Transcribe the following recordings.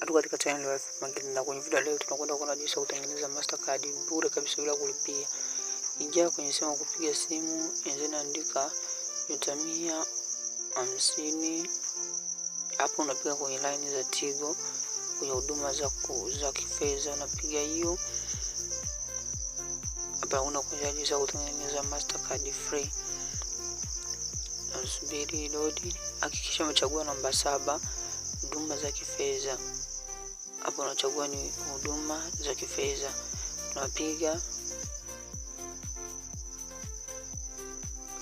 Karibu katika channel ya Mangili na kwenye video leo tunakwenda kuona jinsi ya kutengeneza Mastercard bure kabisa bila kulipia. Ingia kwenye simu kupiga simu, then andika nyota mia hamsini. Hapo unapiga kwenye line za Tigo, kwenye huduma za za kifedha unapiga hiyo. Hapa unakuja jinsi ya kutengeneza Mastercard free. Nasubiri load. Hakikisha umechagua namba saba, huduma za kifedha. Hapo unachagua ni huduma za kifedha, unapiga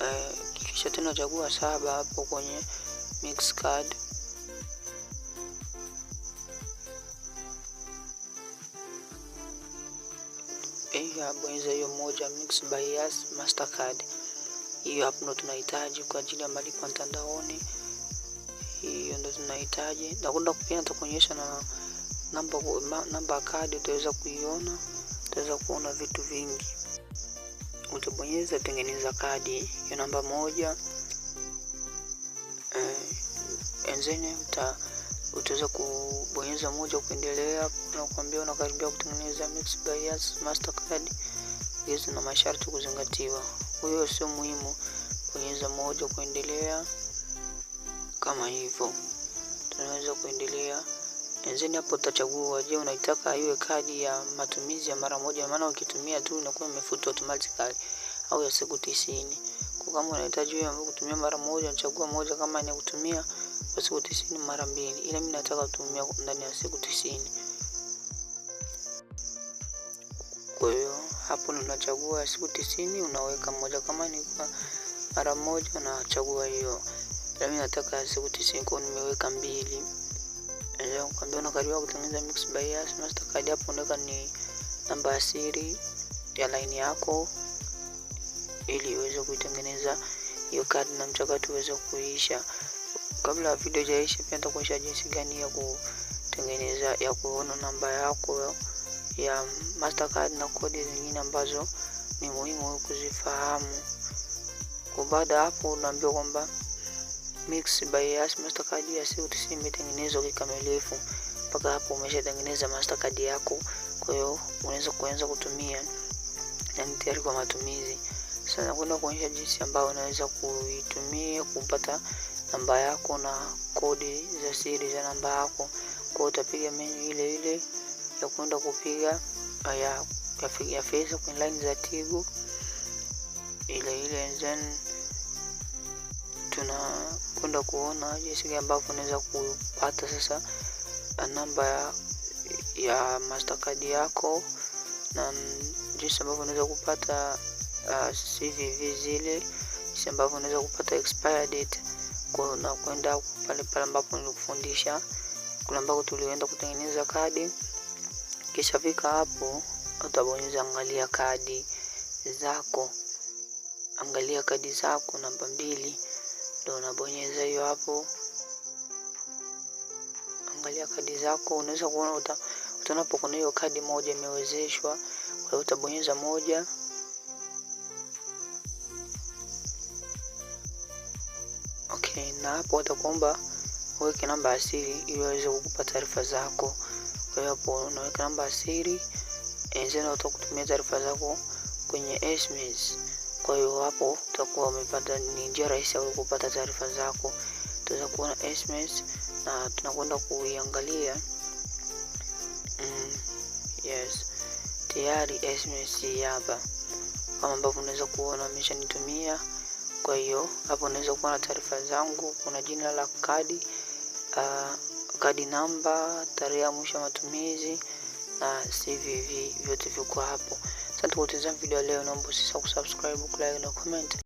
eh, kisha tena unachagua saba hapo kwenye mix card. ya eh, bonyeza hiyo moja mix Bias Mastercard. Hiyo hapo ndo tunahitaji kwa ajili ya malipo mtandaoni, hiyo ndo tunahitaji. Nakwenda kupia nitakuonyesha na namba, namba kadi utaweza kuiona, utaweza kuona vitu vingi. Utabonyeza tengeneza kadi ya namba moja eh, enzene uta utaweza kubonyeza moja kuendelea, kuambia unakaribia kutengeneza Mixx Buyers Mastercard. Hizo na masharti kuzingatiwa, huyo sio muhimu. Bonyeza moja kuendelea, kama hivyo tunaweza kuendelea. Enzeni hapo utachagua, je, unaitaka iwe kadi ya matumizi ya mara moja, maana ukitumia tu inakuwa imefutwa automatically au ya siku 90. Kwa kama unahitaji hiyo ambayo kutumia mara moja, chagua moja kama ni kutumia kwa siku 90 mara mbili, ila mimi nataka kutumia ndani ya siku 90. Kwa hiyo hapo unachagua siku 90, unaweka moja kama ni kwa mara moja, unachagua hiyo. ila Mimi nataka siku 90, kwa nimeweka mbili. Naweza kukwambia unakaribiwa kutengeneza mix bias mastercard. Hapo unaweka ni namba ya siri ya line yako ili uweze kuitengeneza hiyo card na mchakato uweze kuisha. Kabla video haijaisha, pia nitakuonyesha jinsi gani ya kutengeneza ya kuona namba yako ya Mastercard na kodi zingine ambazo ni muhimu kuzifahamu. Kwa baada hapo unaambiwa kwamba Mix by Yas Mastercard ya CUTC imetengenezwa kikamilifu. Mpaka hapo umeshatengeneza Mastercard yako, kwa hiyo unaweza kuanza kutumia na ni tayari kwa matumizi. Sasa nakwenda kuonyesha jinsi ambayo unaweza kuitumia kupata namba yako na kodi za siri za namba yako. Kwa hiyo utapiga menu ile ile ya kwenda kupiga ah, ya ya Facebook line za Tigo ile ile then tunakwenda kuona jinsi ambavyo unaweza kupata sasa namba ya, ya Mastercard yako na jinsi ambavyo unaweza kupata uh, CVV zile, jinsi ambavyo unaweza kupata expire date kwa na kwenda pale pale ambapo nilikufundisha kuna ambako tulienda kutengeneza kadi. Kisha fika hapo, utabonyeza angalia kadi zako, angalia kadi zako namba mbili ndo unabonyeza hiyo hapo. Angalia kadi zako, unaweza kuona uta, utaona hapo kuna hiyo kadi moja imewezeshwa, kwa hiyo utabonyeza moja okay, na hapo watakuomba uweke namba ya siri ili waweze kukupa taarifa zako. Kwa hiyo hapo unaweka namba ya siri, enzeni utakutumia taarifa zako kwenye SMS. Kwa hiyo hapo utakuwa umepata, ni njia rahisi ya kupata taarifa zako. Utaweza kuona SMS na tunakwenda kuiangalia. Mm, yes, tayari SMS hapa kama ambavyo unaweza kuona ameshanitumia. Kwa hiyo hapo unaweza kuona taarifa zangu, kuna jina la kadi uh, kadi namba, tarehe ya mwisho ya matumizi na CVV, vyote viko hapo. Asante kwa kutazama leyo leo, naomba usisahau kusubscribe, kulike na